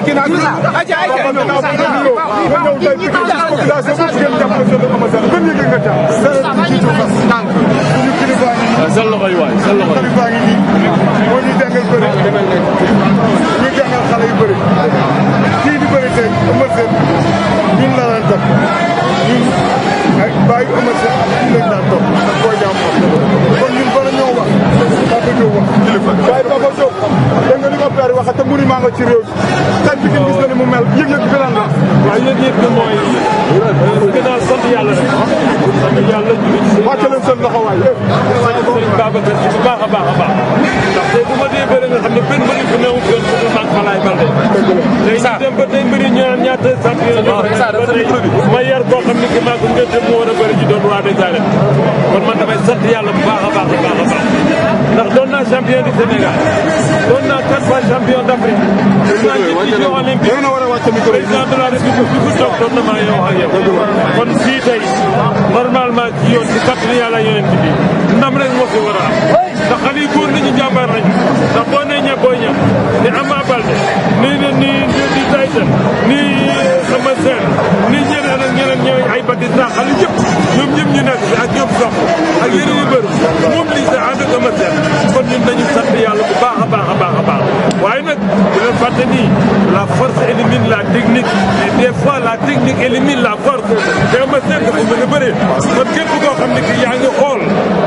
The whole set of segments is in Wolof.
Pikine aja sal loxo yi waay sal loxo yi baa ngi nii moo ñuy jàngal bëri ñuy jàngal xale yu bëri kii di bëri tey Eumeu Sène ñun la daan topp ñun ay bàyyi Eumeu Sène ñun lañ daan topp ak boo jaam kon ñun bala ñoo wax daa bëgg wax wàcc leen seen loxo waay sëriñ Babacar si a a nga xam ne benn mbëri bu néew gën su mag Falaye Baldé léegi dem ba tey mbëri ñu naan ñaata sant ma yar koo xam ne ki maa ko ngeen dem mu war a bëri ci doon roi des arènes kon man damay sant yàlla baax a baax a baax a baax trois champion du Sénégal doon quatre fois champion d'Afrique président olympique président de la république bi ku toog doon na maa yow ak yow kon fii tey normalement ci yoon ci kàttanu yàlla yonent bi ndam rek moo fi war a am ndax xale yu góor nañu jàmbaar nañu ndax ni ni ni ni ni ni fàtte ni la force élimine la technique et des fois la technique élimine la force te ma seen dafa mën a bëree kon képp koo xam ne yaa ngi xool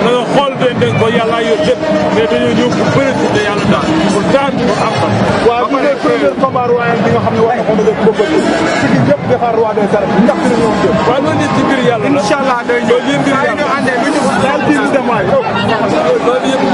na nga xool doy nañ ko yàlla yor lépp mais dañoo ñëw pour bëri ci te yàlla daal pour daan pour am fan. waaw bu dee premier combat royal bi nga xam ne war na ko mën a bëgg a ci gi yëpp defar roi des arènes ndax dina ñëw jëm. waaw loolu yëpp ci mbir yàlla la incha allah day ñëw loolu yëpp mbir yàlla la. loolu yëpp